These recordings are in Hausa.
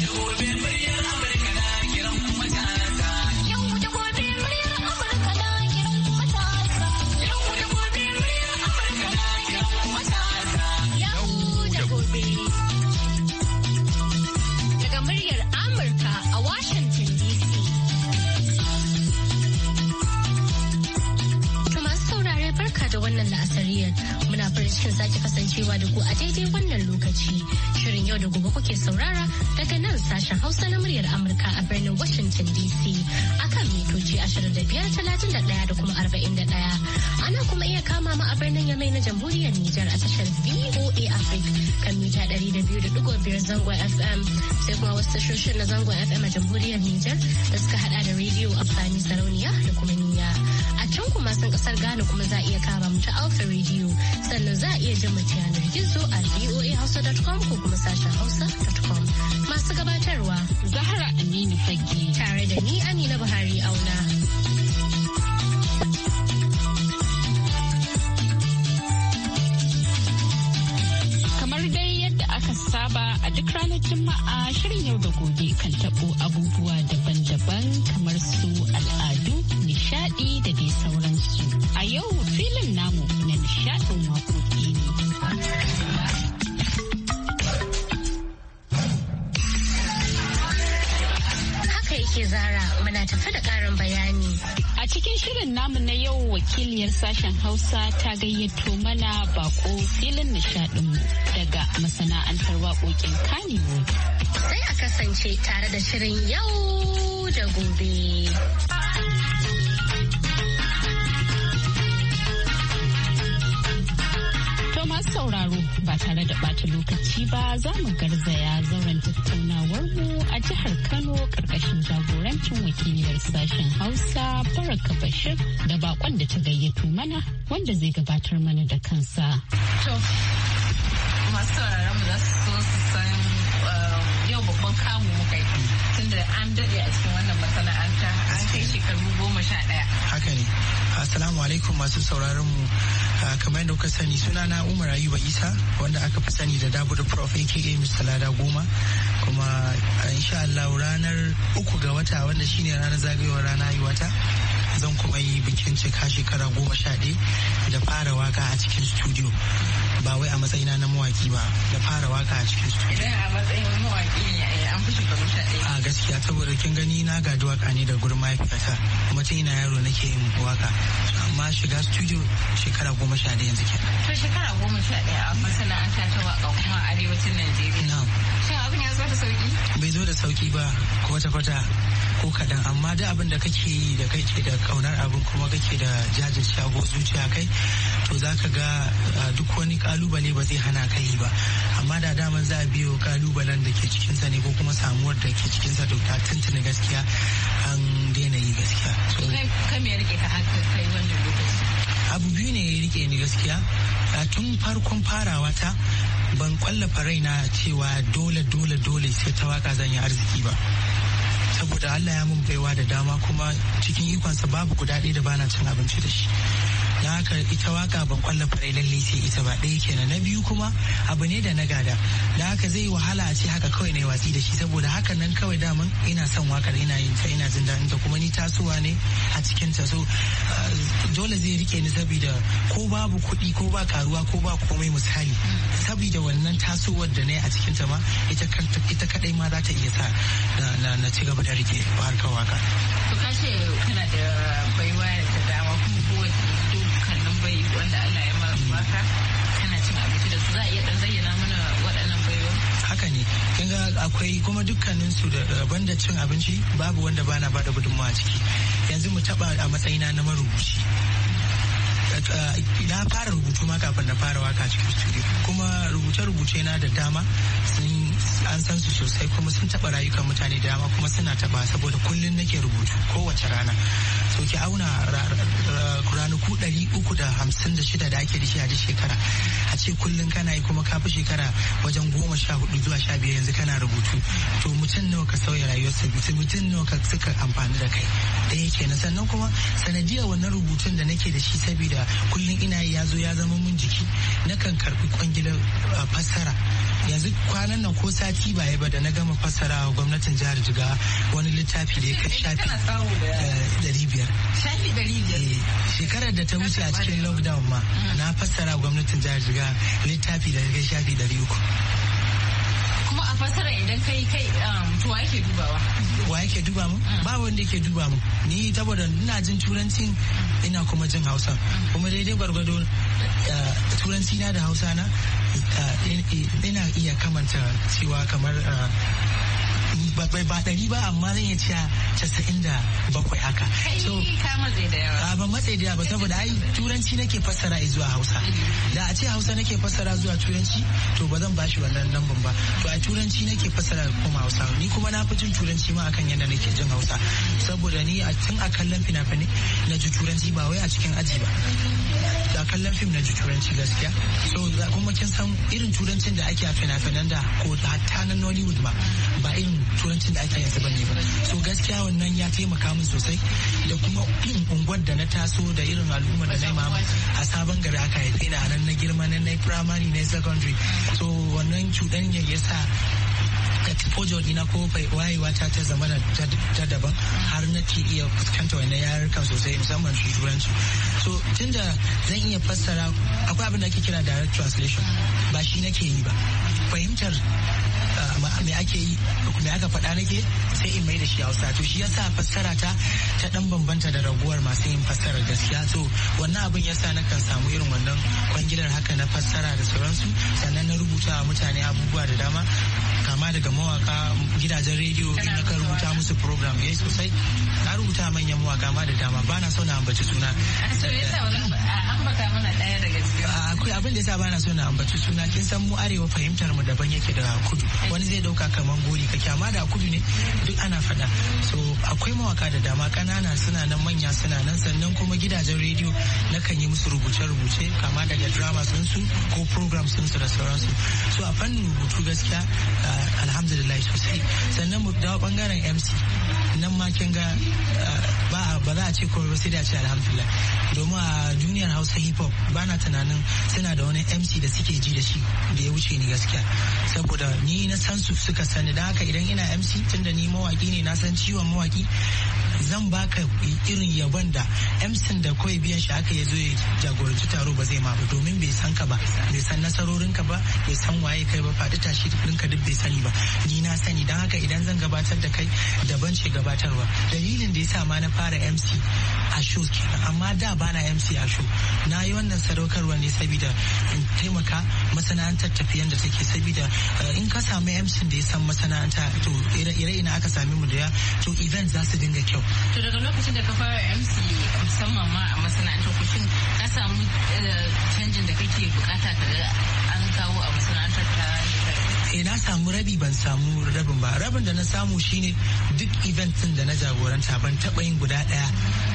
You'll be mai zangon fm sai kuma wasu tashoshin na zangon fm a jamhuriyar nijar da suka hada da rediyo amfani sarauniya da kuma niya a can kuma sun kasar ghana kuma za a iya kama mu ta alfa rediyo sannan za a iya jin mu yanar gizo a voahausa.com ko kuma sashen hausa.com masu gabatarwa zahra aminu fage tare da ni amina buhari auna duk ranar Juma'a shirin yau da gobe kan tabo abubuwa daban-daban kamar su al'adu, nishadi da dai sauransu. A yau filin namu na nishadin waƙoƙi ne. Haka yake zara muna tafi da karin bayani. cikin shirin namu na yau wakiliyar sashen Hausa ta gayyato mana bako filin nishadin daga masana'antar waƙoƙin Kanewood. Sai a kasance tare da shirin yau da gobe. Masu sauraro ba tare da ɓata lokaci ba za mu garzaya zauren tattaunawar mu a jihar Kano ƙarƙashin jagorancin wakiliyar sashen Hausa Baraka Bashir da bakon da ta gayyato mana wanda zai gabatar mana da kansa. To, masu sauraron mu za su so su san babban kamu muka yi tunda an daɗe a cikin wannan masana'anta an kai shekaru goma sha ɗaya. Haka ne. Assalamu alaikum masu sauraron mu. Ah, kamar yadda kuka sani suna na Umar Ayuba Isa wanda aka fi sani da da Prof aka Mr. Lada Goma kuma ah, insha Allah ranar uku ga wata wanda shine ranar zagayowar rana wata. zan kuma yi bikin cika shekara goma sha da fara waka a cikin studio ba wai a matsayina na mawaki ba da fara waka a cikin studio idan a matsayin mawaki ne eh, an fi shekaru sha a gaskiya saboda kin gani na gadi waka ne da gurin mahaifiyata kuma tun ina yaro nake yin waka amma shiga studio shekara goma sha ɗaya yanzu kenan to shekara goma sha ɗaya a masana'anta ta waka kuma arewacin najeriya shin abin ya zo da sauki bai zo da sauki ba kwata-kwata ko kaɗan amma da abin da kake yi da ke da ƙaunar abin kuma kake da jajin shago zuciya kai to za ka ga duk wani kalubale ba zai hana ka yi ba amma da daman za a biyo kalubalen da ke cikinsa ne ko kuma samuwar da ke cikinsa to ta tuntuni gaskiya an daina yi gaskiya. kai me rike ka har kai wannan lokaci? abu biyu ne ya rike ni gaskiya a tun farkon farawa ta ban kwallafa raina cewa dole dole dole sai ta waka zan yi arziki ba saboda Allah ya mun baiwa da dama kuma cikin ikonsa babu guda ɗaya da bana cin abinci da shi da haka ita waka ban kwalla farai lalle sai ita ba ɗaya kenan na biyu kuma abu ne da na gada da haka zai wahala a ce haka kawai na yi watsi da shi saboda hakan nan kawai daman ina son wakar ina yin ta ina jin daɗin ta kuma ni tasowa ne a cikin ta so uh, dole zai rike ni saboda ko babu kuɗi ko ba karuwa ko ba komai misali saboda wannan tasowar da na yi a cikin ta ma ita ita kadai ma za ta iya sa na ci gaba da rike harkar waka. To kashe kana da baiwa wanda Allah ya maka kana cin abinci da su za a iya dan zayyana mana waɗannan baiwa haka ne kin ga akwai kuma dukkanin su da daban da cin abinci babu wanda bana bada da gudunmawa ciki yanzu mu taba a matsayina na marubuci na fara rubutu ma kafin na fara waka cikin studio kuma rubuce-rubuce na da dama sun an san su sosai kuma sun taɓa rayukan mutane da dama kuma suna taɓa saboda kullum nake rubutu kowace rana so ki auna ranaku ɗari uku da da shida da ake da shi a shekara ce kullum kana yi kuma kafi shekara wajen goma sha hudu zuwa sha biyar yanzu kana rubutu to mutum nawa ka sauya rayuwarsa mutum nawa ka suka amfani da kai ɗaya na sannan kuma sanadiyar wannan rubutun da nake da shi saboda kullum ina yi ya zo ya zama mun jiki nakan karbi kwangilar ah, fassara yanzu kwanan nan ko sati baya ba da na gama fassara gwamnatin jihar jiga wani littafi da ya kai shafi eh, ɗari biyar biyar. Eh, shekarar da ta wuce a cikin lockdown ma mm. na fassara gwamnatin jihar jiga littafi da ya shafi ɗari uku. kuma a fassara idan kai kai um, to wa yake dubawa. wa yake duba mu mm. ba wanda yake duba mu ni saboda ina jin turancin ina kuma jin hausa mm. kuma daidai gwargwado eh, turanci na da hausa na eh, ina iya kamanta cewa kamar bai ba ɗari ba amma zan iya cewa casa'in da bakwai haka. So, ba matsayi da ba saboda ai turanci nake fassara zuwa hausa. Da a ce hausa nake fassara zuwa turanci to ba zan bashi wannan lamban ba. To a turanci nake fassara kuma hausa. Ni kuma na fi jin turanci ma akan yadda nake jin hausa. Saboda ni a tun a kallon fina-finai na ji turanci ba wai a cikin aji ba. Da kallon fim na ji turanci gaskiya. So kuma kin san irin turancin da ake a fina-finan da ko hatta na Nollywood ba ba irin turancin da ake yanzu bane ba so gaskiya wannan ya taimaka min sosai da kuma unguwar da na taso da irin al'umma da na mama a sabon gari aka haife ni a nan na girma na na primary na secondary so wannan cuɗanyar ya sa fojo dina ko wayewa ta ta zama da daban har na ke iya fuskanta wani yarukan sosai musamman turanci so tunda zan iya fassara akwai abin da ake kira direct translation ba shi nake yi ba fahimtar Eh, me ake yi me aka faɗa nake sai in mai da shi hausa to shi yasa fassara ta ta dan bambanta da raguwar masu yin fassarar gaskiya to wannan abin yasa na kan samu irin wannan kwangilar haka na fassara da sauransu sannan na rubuta wa mutane abubuwa da dama kama daga mawaka gidajen rediyo in na rubuta musu program yayi eh, sosai na rubuta manyan mawaka ma da dama bana so na ambaci suna akwai abin da yasa bana so na ambaci suna kin san mu arewa fahimtar mu daban yake da kudu wani zai dauka kaman gori ka amma da kudu ne duk ana fada so akwai mawaka da dama kanana suna nan manya suna nan sannan kuma gidajen rediyo na kan yi musu rubuce-rubuce kama daga drama sun su ko program sun su da sauransu so a fannin rubutu gaskiya ah, alhamdulillah sosai sannan mu dawo bangaren mc nan ma kin ga ah, ba za a ce kuma sai da ce alhamdulillah domin a duniyar hausa hip hop bana tunanin suna da wani mc da suke ji da shi da ya wuce ni gaskiya saboda ni na san su suka sani da haka idan ina mc tun da ni mawaki ne na san ciwon mawaki zan baka irin yabon da mc da kawai biyan shi aka ya zo ya jagoranci taro ba zai ma ba domin bai san ka ba bai san nasarorin ka ba bai san waye kai ba faɗi tashi ka duk bai sani ba ni na sani dan haka idan zan gabatar da kai da daban ce gabatarwa dalilin da ya sa ma na fara mc a show kenan amma da ba na mc a show na yi wannan sadaukarwa ne saboda in taimaka masana'antar tafiyan da take saboda eh, in ka samu yamcin da ya san masana'anta to ire ina aka sami mu da to event za su dinga kyau to daga lokacin da ka fara MC musamman ma a masana'anta ku shin ka samu eh, canjin da kake bukata ka an kawo a masana'antar ta eh na samu rabi ban samu rabin ba rabin da na samu shine duk event din da na jagoranta ban taba yin guda daya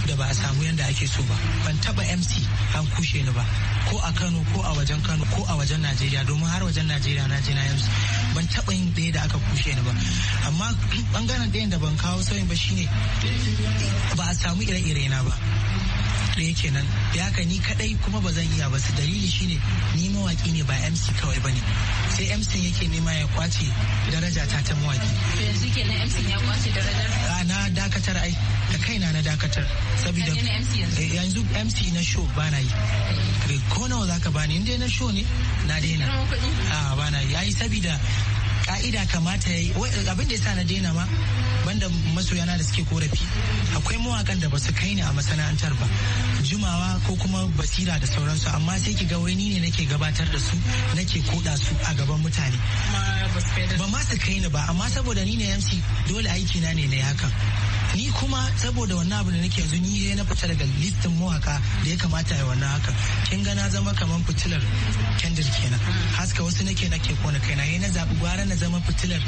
da ba a samu yanda ake so ba ban taba MC an kushe ni ba ko a Kano ko a wajen Kano ko a wajen Najeriya domin har wajen Najeriya na je na MC ban taba yin daya da aka kushe ni ba amma bangaren ɗayan da ban kawo sauyin ba shine ba a samu ire-ire na ba ɗaya kenan da haka ni kadai kuma ba zan iya ba su dalili shine ni mawaki ne ba MC kawai bane sai MC yake nema ya kwace daraja ta ta mawaki yanzu kenan MC ya kwace darajar na dakatar ai da kaina na dakatar saboda yanzu eh, MC na show bana yi eh. Eh, ko nawa zaka bani inda na show ne na daina a ah, bana yi ai saboda ka'ida kamata ya yi abin da ya sa na daina ma banda masoyana da suke korafi akwai mawakan da ba su kai ni a masana'antar ba jumawa ko kuma basira da sauransu amma sai ki ga wani ne nake gabatar da su nake koda su a gaban mutane ba ma su kai ni ba amma saboda ni ne MC dole aiki na ne na hakan ni kuma saboda wannan abu da nake yanzu ni na fita daga listin mawaka da ya kamata ya wannan haka kin ga na zama kamar fitilar kendir kenan mm. haska wasu nake nake kona kaina na zabi gwara na na zama fitilar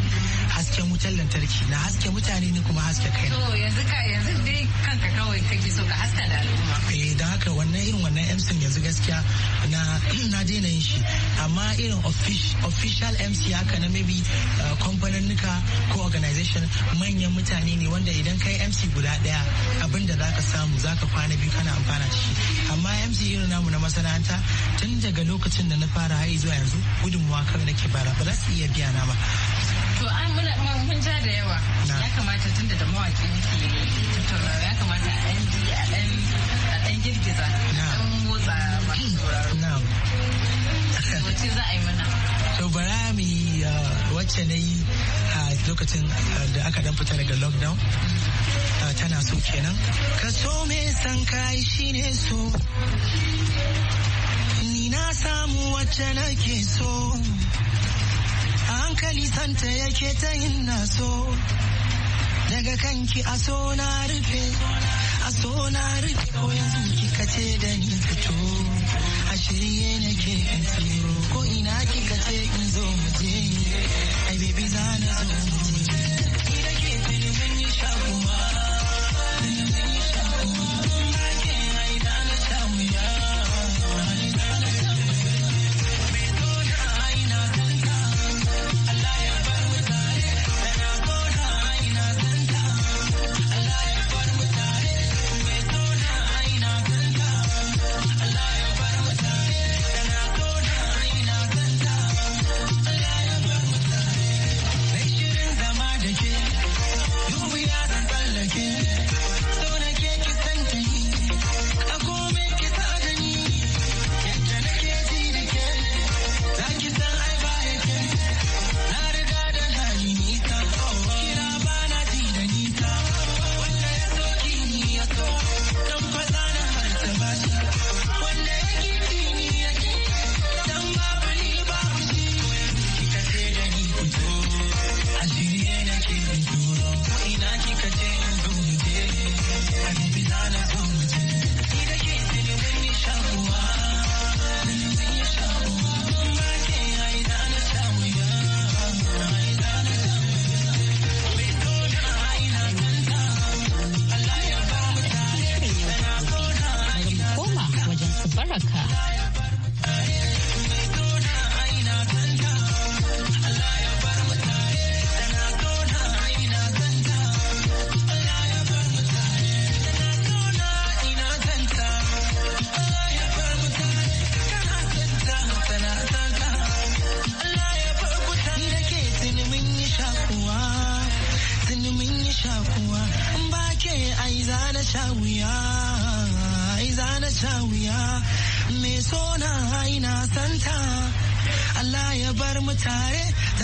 haske wutar lantarki na haske mutane ne kuma haske kai to yanzu ka yanzu dai kanka kawai kake so ka haska da al'umma eh dan haka wannan irin wannan MC yanzu gaskiya na na daina yin shi amma irin official mc haka na maybe eh, kamfaninnika ko organization manyan mutane ne wanda idan kai mc guda daya abin da zaka samu zaka kwana biyu kana amfana da shi amma mc irin namu na masana'anta tun daga lokacin da na fara har zuwa yanzu gudunmuwa kawai nake bara ba za su iya biya na ba to an muna da yawa ya kamata mawaki ya kamata a ɗan ji a ɗan a wacce za a yi to bara uh, wacce na yi a lokacin uh, da aka dan fita daga lockdown mm. uh, tana so kenan ka so me san kai shine so ni na samu wacce nake so a hankali santa yake ta yin naso daga kanki a so na rufe a so na rufe ko yanzu kika ce da ni fito a shirye nake in tsiro ko ina kika ce in zo mu je ai baby za na zo You.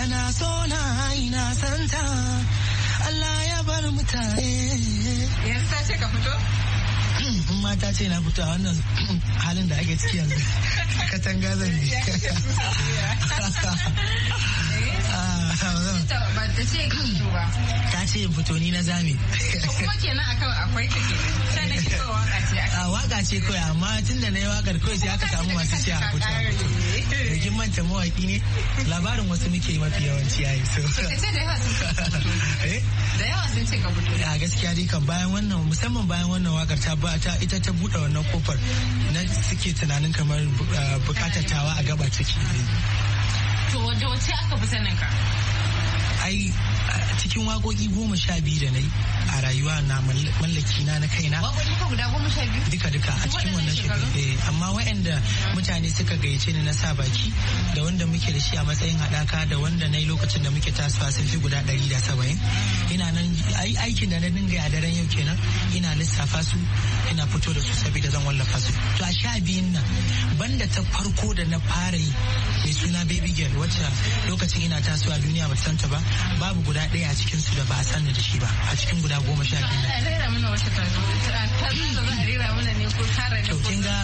kana so na ina santa Allah ya bar mutane yanzu ta ce ka fito hmm, mata ce na fito a wannan halin da ake ciki yanzu katanga zan yi sa ba zan. Ba ta ce ki fito ba. Ta ce fito ni na zame. Kuma kenan akan akwai ta ke. Sai na ki waka ce. A waka ce kawai amma tun da na yi wakar kawai sai aka samu masu ce a fito a fito. Da kin manta mawaki ne labarin wasu muke mafi yawanci yayi. So. Ka ce da yawa sun ce. Eh? Da yawa sun ce ka fito. A gaskiya dai kan bayan wannan musamman bayan wannan wakar ta ba ta ita ta buɗe wannan kofar na suke tunanin kamar ah, bukatar tawa a gaba ciki. To da wace aka fi sanin ka? ai cikin wagogi goma sha biyu da na a rayuwa na mallaki na na kaina wagogi ka guda goma sha biyu duka duka a cikin wannan shekaru eh, amma waɗanda mutane suka gayyace ni na sa baki da wanda muke da shi a matsayin haɗaka da wanda na yi lokacin da muke tasowa sun fi guda ɗari da saba'in ina nan aikin da na dinga a daren yau kenan ina lissafa su ina fito da su saboda zan wallafa su to a sha biyun nan banda ta farko da na fara yi mai suna baby girl wacce lokacin ina tasowa duniya ba ta ba babu guda ɗaya a cikin su da ba a sani da shi ba a cikin guda goma sha biyu. Kyau kin ga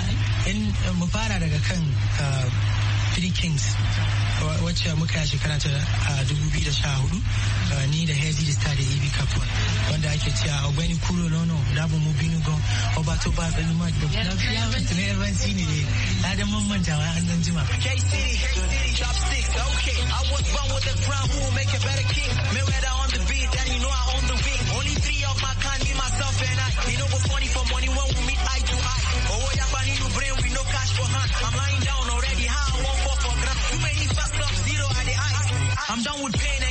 in mu fara daga kan uh, three kings wacce muka yi shekara ta 2014 ni da hezi da star da ibi wanda ake cewa kuro mu oba to ba ma da ne na an jima Okay, I was born with a crown who will make a better king. on the beat, and you know I own the ring. Only three of my kind, me, myself, and I. You know for money oh, no cash for hand. I'm lying down already high. I'm done with pain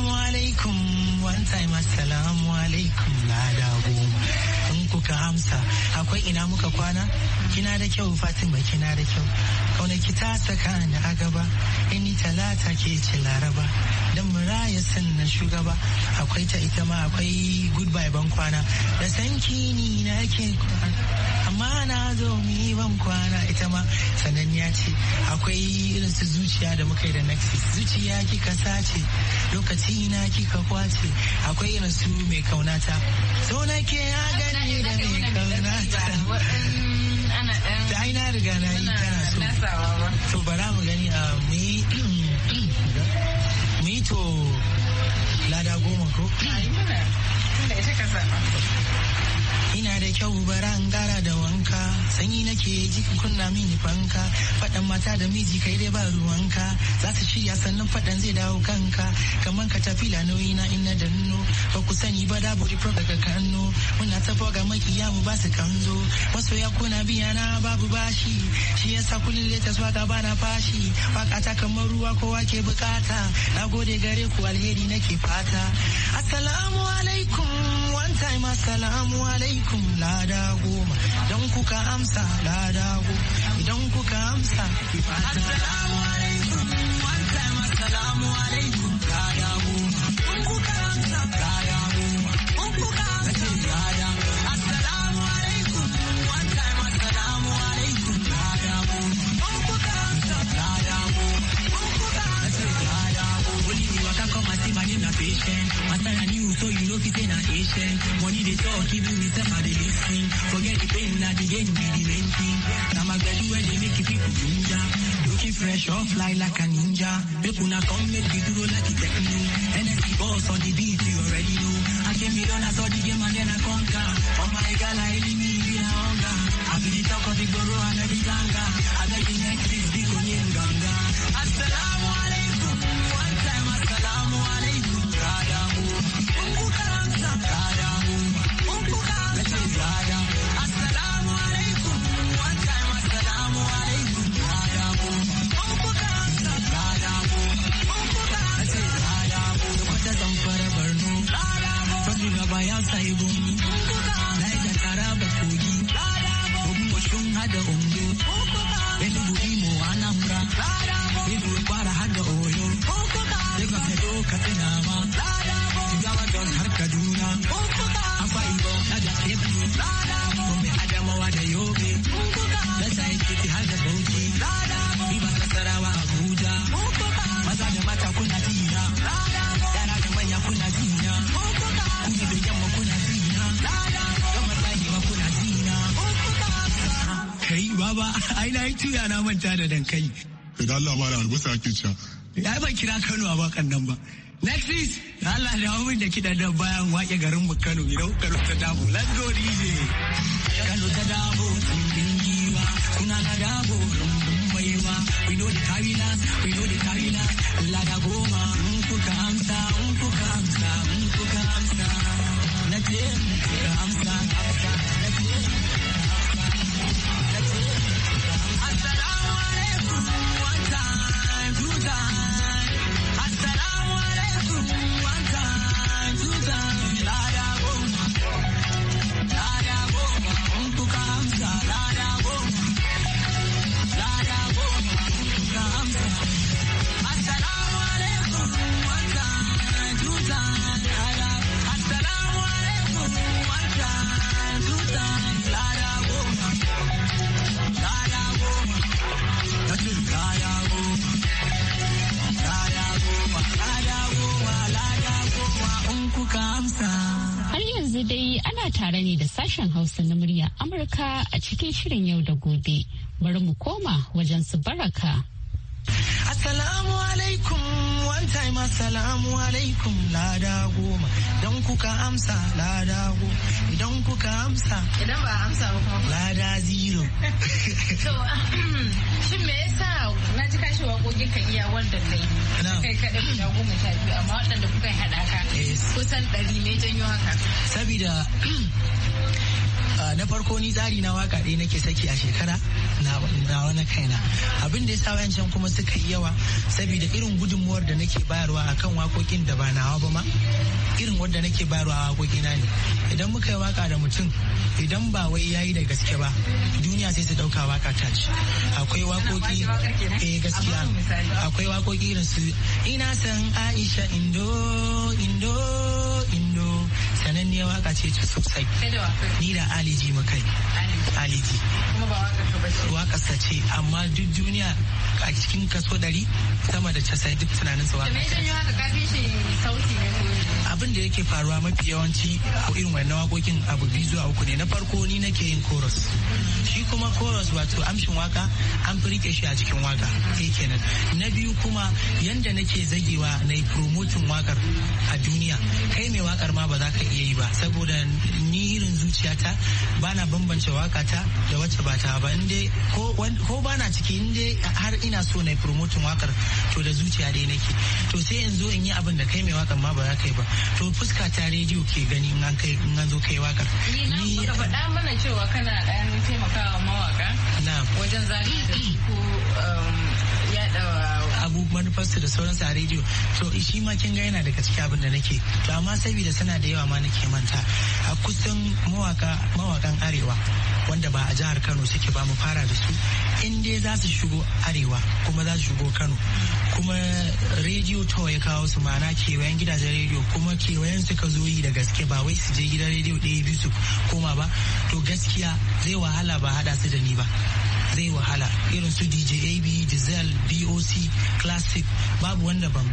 Assalamu alaikum one time assalamu alaikum lada goma in kuka amsa akwai ina muka kwana kina da kyau fatima kina da kyau kauna ki ta saka ni a gaba ini talata ke ce laraba dan muraya na shugaba akwai ta ita ma akwai goodbye ban kwana da ki ni na ke kwana amma na zo mu yi ban kwana ita ma sananniya ce akwai irin su zuciya da muka yi da nexus zuciya kika sace lokaci na kika kwace akwai irin su mai kaunata so na ke ya gani da mai kaunata da ai na riga na yi tana so to bara mu gani a ah, mu yi to lada goma ko? ita ka da kyau bara an gara da wanka sanyi nake ji kunna mini fanka faɗan mata da miji kai dai ba ruwanka za ta shirya sannan faɗan zai dawo kanka kamar ka tafi nauyi na inna da nuno ba ku sani ba da buri prof daga kano muna ta ga makiya mu ba su kanzo masoya ya kuna biya na babu bashi shi yasa kullum ta swaga ba na fashi wakata ta kamar ruwa kowa ke bukata na gode gare ku alheri nake fata assalamu alaikum one time assalamu alaikum lada goma don kuka amsa lada goma don kuka amsa assalamu alaikum one time assalamu alaikum lada goma name na patient. Master and you, so you know fit na patient. Money they talk, even with them are the listening. Forget the pain, not the game, be the main thing. Now my belly where they make people ginger. Looking fresh or fly like a ninja. People now come let me do, like a techno. NSC boss on the beat, you already know. I came here on, I saw the game and then I conquer. Oh my God, I hate me, be a hunger. I feel the talk of the guru and every ganga. I beg the next, this big on Ganga. Assalamu Adamu aina na yi tuya na manta da dankali Idan Allah ba da albasa ake cewa ya ban kira Kano a bakan nan ba next is Allah da hawo da kiɗa da bayan waƙe garin mu Kano idan Kano ta damu. let's go DJ Kano ta dabo kundin giwa kuna ta dabo rumbun maiwa we know the carriers we know the carriers lada goma mun kuka amsa cikin shirin yau da gobe. Bari mu koma wajen su baraka. Assalamu alaikum one time assalamu alaikum lada goma don kuka amsa lada goma idan kuka amsa idan ba amsa ba kuma lada zero to shin me yasa na ji kashi waƙoƙi ka iya wanda kai kai kaɗan guda goma sha biyu amma waɗanda kuka haɗa ka kusan ɗari ne janyo haka sabida Ah, na farko ni tsari na waka ɗaya nake saki a shekara na wani kaina abin da ya sa wayancan kuma suka yi yawa saboda irin gudunmuwar da nake bayarwa a kan wakokin da ba nawa ba ma irin wanda nake bayarwa a wakokina ne idan muka yi waka da mutum idan ba wai ya yi da gaske ba duniya sai su ɗauka waka ta ci akwai wakoki eh gaskiya akwai wakoki irin su ina san Aisha indo indo indo sananniyar waka ce ta sosai. Ni da Aliji mukai. Aliji. Kuma ba waka ta bace. Waka sa ce amma duk duniya a cikin kaso ɗari sama da casa duk tunanin su waka. Me janyo haka kafin shi sauti ne abin da yake faruwa mafi yawanci ko irin wannan wakokin abu biyu zuwa uku ne na farko ni nake yin chorus shi kuma chorus wato amshin waka an fi rike shi a cikin waka ke kenan na biyu kuma yanda nake zagewa na yi promoting wakar a duniya kai mai wakar ma ba za ka iya yi ba saboda ni zuciyata bana bambance wakata da wacce ba ta ba in dai ko bana ciki in dai har ina so na promoting wakar to da zuciya dai nake to sai in zo in yi abin da kai mai wakar ma ba za ka yi ba to fuska ta rediyo ke gani in an kai zo kai wakar ni na faɗa mana cewa kana ɗan taimakawa mawaka wajen ko um, yaɗa abu manufarsu da sauransu a rediyo to shi ma kin ga yana daga cikin abin da nake to amma saboda suna da yawa ma nake manta a kusan mawaka mawakan arewa wanda ba a jihar Kano suke ba mu fara da su in dai za su shigo arewa kuma za su shigo Kano kuma rediyo ta ya kawo su ma'ana kewayen gidajen rediyo kuma kewayen suka zo yi da gaske ba wai su je gidan rediyo ɗaya biyu su koma ba to gaskiya zai wahala ba hada su da ni ba zai wahala irin su dj ab dizel doc classic babu wanda ban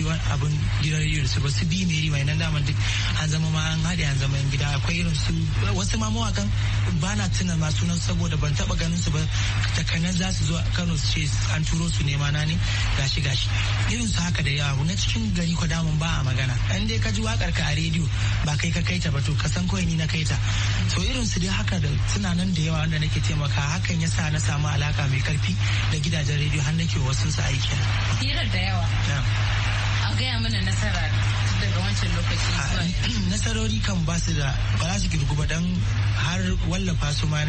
yawan abin gidan su ba su bi mai mai nan daman duk an zama ma an haɗe an zama gida akwai irin su wasu ma mawakan ba na tuna ma sunan saboda ban taɓa ganin su ba takanan za su zo Kano su ce an turo su nema na ne gashi gashi irin su haka da yawa na cikin gari ko damun ba a magana an dai ka ji wakar ka a rediyo ba kai ka kaita ba to ka san kawai ni na kaita to irin su dai haka da suna da yawa wanda nake taimaka hakan ya sa na na samu alaka mai karfi da gidajen rediyo har nake wasu su aiki hirar da yawa a gaya mana nasara daga wancan lokaci ah, nasarori kan ba su da ba za su girgu ba dan har wallafa su ma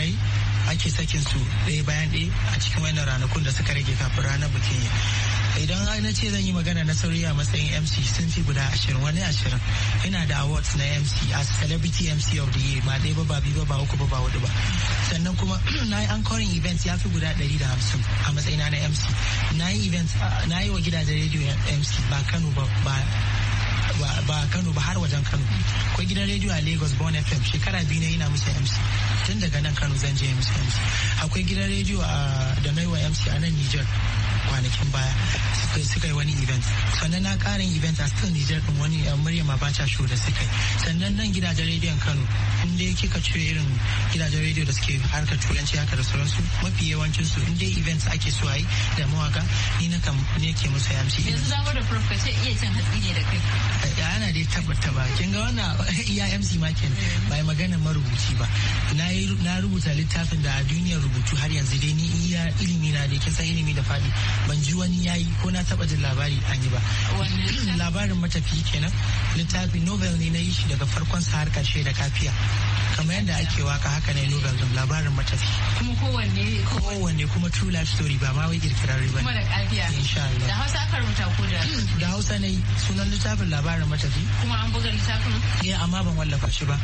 ake sakin su ɗaya bayan ɗaya a cikin wannan ranakun da suka rage kafin ranar bikin idan ai na ce zan yi magana na sauri a matsayin mc sun fi guda ashirin wani ashirin ina da awards na mc a celebrity mc of the year ba dai ba ba biyu ba ba uku ba ba hudu ba sannan kuma na yi anchoring events ya fi guda ɗari da hamsin a matsayina na mc na yi events na yi wa gidajen rediyo mc ba kano ba ba Kano ba har wajen Kano. Akwai gidan rediyo a Lagos born FM shekara biyu na yana musu MC. Tun daga nan Kano zan je musu MC. Akwai gidan rediyo da naiwa MC a nan Niger kwanakin baya suka yi wani event sannan na karin event a still Niger din wani eh, Maryam Abacha show da suka yi sannan nan gidajen rediyon Kano inda kika ce irin gidajen rediyo da suke harkar turanci haka da sauransu mafi yawancin su inda events ake so ai da mawaka ni na kam ne ke musu yamci yanzu zamu da prof kace iya cin hatsi ne da kai eh, ana dai tabbata ba kin ga wannan iya MC ma kenan bai magana marubuci ba na na rubuta littafin da a duniyar rubutu har yanzu dai ni iya ilimi na dai kin san ilimi da fadi ban ji wani yayi ko na taba jin labari an yi ba labarin matafi kenan littafi novel ne na yi shi daga farkon sa har karshe da kafiya kamar yadda ake waka haka ne novel din labarin matafi kuma kowanne kowanne kuma true life story ba ma wai kirkirar ba kuma da kafiya insha Allah da Hausa aka rubuta ko da da Hausa ne sunan littafin labarin matafi kuma an buga littafin eh amma ban wallafa shi ba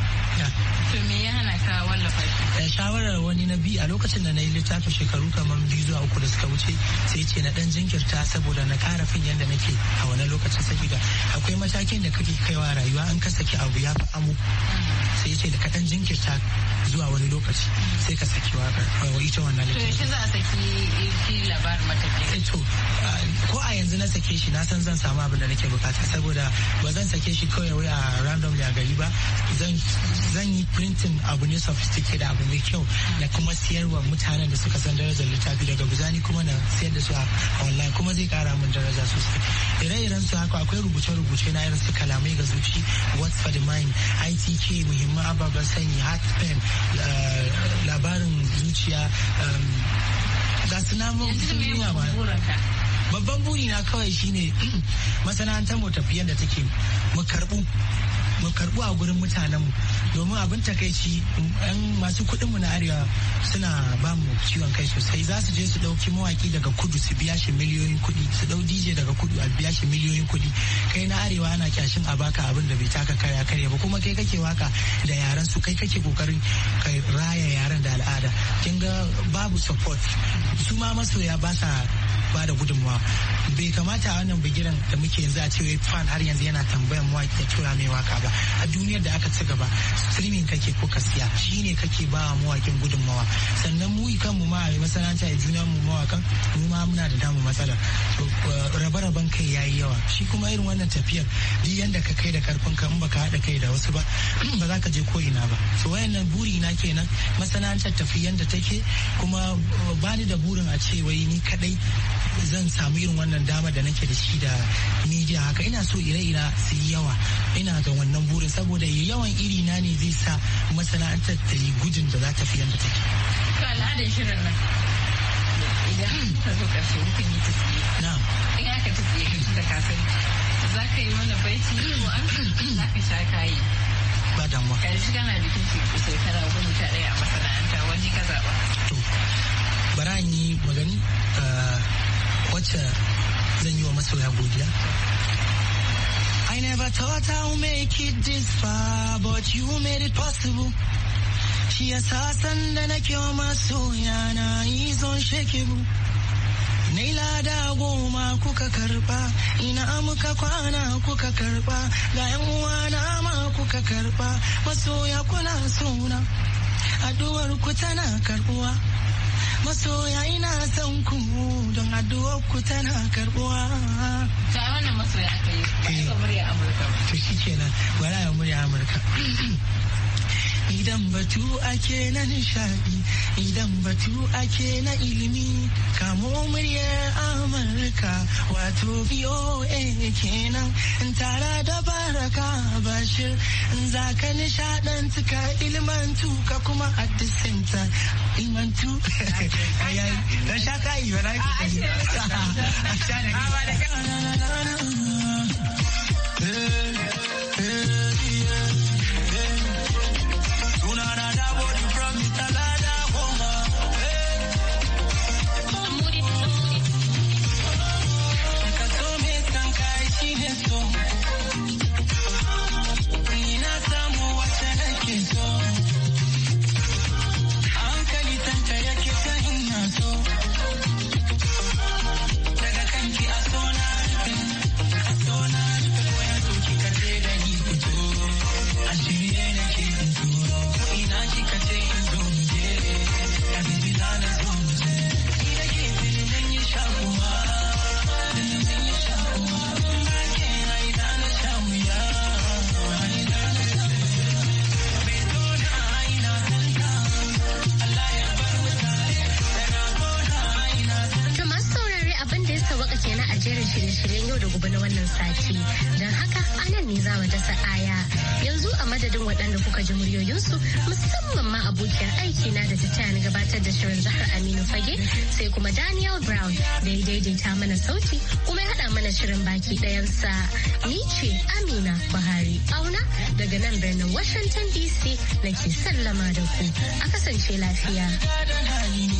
to me ya hana ka wallafa shi eh, shawarar wani na bi a lokacin da na yi littafin shekaru kamar biyu zuwa uku da suka wuce sai ce na dan jinkirta saboda na kara fin yadda nake a wani lokaci saboda akwai matakin da kake kaiwa rayuwa an ka saki abu ya fi amu sai ce da kadan jinkirta zuwa wani lokaci sai ka saki waƙar ita wannan littafi. To za a saki fi labar matakin. Eh to ko a yanzu na sake shi na san zan samu abin da nake bukata saboda ba zan sake shi kawai wai a random ya gari ba zan yi printing abu ne sophisticated abu mai kyau na kuma siyarwa mutanen da suka san darajar littafi daga bizani kuma na siyar da su a online kuma zai kara min daraja sosai ire-iren su haka akwai rubuce-rubuce na irin su kalamai ga zuci what's for the mind itk muhimman ababen sanyi heart pain eh, labarin zuciya ga su namun duniya ba babban na kawai shine masana'antar mu tafiyan da take mu karbu mu karbu a gurin mutanen mu domin abin takaici yan masu kuɗin mu na arewa suna ba mu ciwon kai sosai za su je su ɗauki mawaki daga kudu su biya shi miliyoyin kuɗi su dau DJ daga kudu a biya shi miliyoyin kuɗi kai na arewa ana kyashin a baka abin da bai taka karya karya ba kuma kai kake waka da yaran su kai kake kokarin ka raya yaran da al'ada kin ga babu support su ma masoya ba sa ba da gudunmawa bai kamata a wannan bigiran da muke yanzu a cewa fan har yanzu yana tambayan waki ya tura mai waka ba a duniyar da aka ci gaba streaming kake ko kasiya shine kake ba wa mawakin gudunmawa sannan mu kanmu ma a masana'anta a juna mu mawakan mu ma muna da damu matsala eh, rabe-raben kai yayi yawa shi kuma irin wannan tafiyar duk yanda ka kai da karfin ka in baka haɗa kai da wasu ba ba za ka je ko ina ba to wayannan buri na kenan masana'antar tafi yanda take kuma eh, bani da burin a ce wai ni kadai zan samu irin wannan dama da nake da shi da media haka ina so ire-ira su yi yawa ina ga wannan burin saboda yawan iri na ne zai sa masana'antar ta yi gudun da za ta fi yadda take. Ka al'adar shirin nan. Idan hmm. ka zo ƙarshe mutum yi tafiye. Na'am. In aka tafiye ka da kasan za ka yi mana baiti ko an za ka sha kayi. Ba damuwa. Ƙarshe kana bikin shekara goma sha ɗaya a masana'anta wani ka zaɓa. To, bara yi magani eh, wacce zan yi wa masoya godiya I never thought I would make it this far, but you made it possible. Shi ya san da nake kyau masoya na izon shekebu. Naila da goma kuka karba, ina muka kwana kuka karba, ga yan uwana ma kuka karba, masoya kuna suna, addu'ar ku tana karbuwa. masoya ina son ku don addu'ar ku tana karbuwa ta wannan masoya aka yi ba murya amurka eh, to shikenan wala a murya amurka idan batu ake na nishadi idan batu ake na ilimi kamo muryar amurka wato voa kenan tara da baraka bashir za ka nishadantu ka ilmantu ka kuma at the same time ilmantu ayayi yi ba na waɗanda kuka ji muryoyinsu musamman ma abokiyar aiki na da ta taya ni gabatar da shirin zahar Aminu Fage sai kuma Daniel Brown da ya daidaita mana sauti kuma ya haɗa mana shirin baki ɗayansa. Ni ce Amina Buhari auna daga nan birnin Washington DC na ke sallama da ku. A kasance lafiya.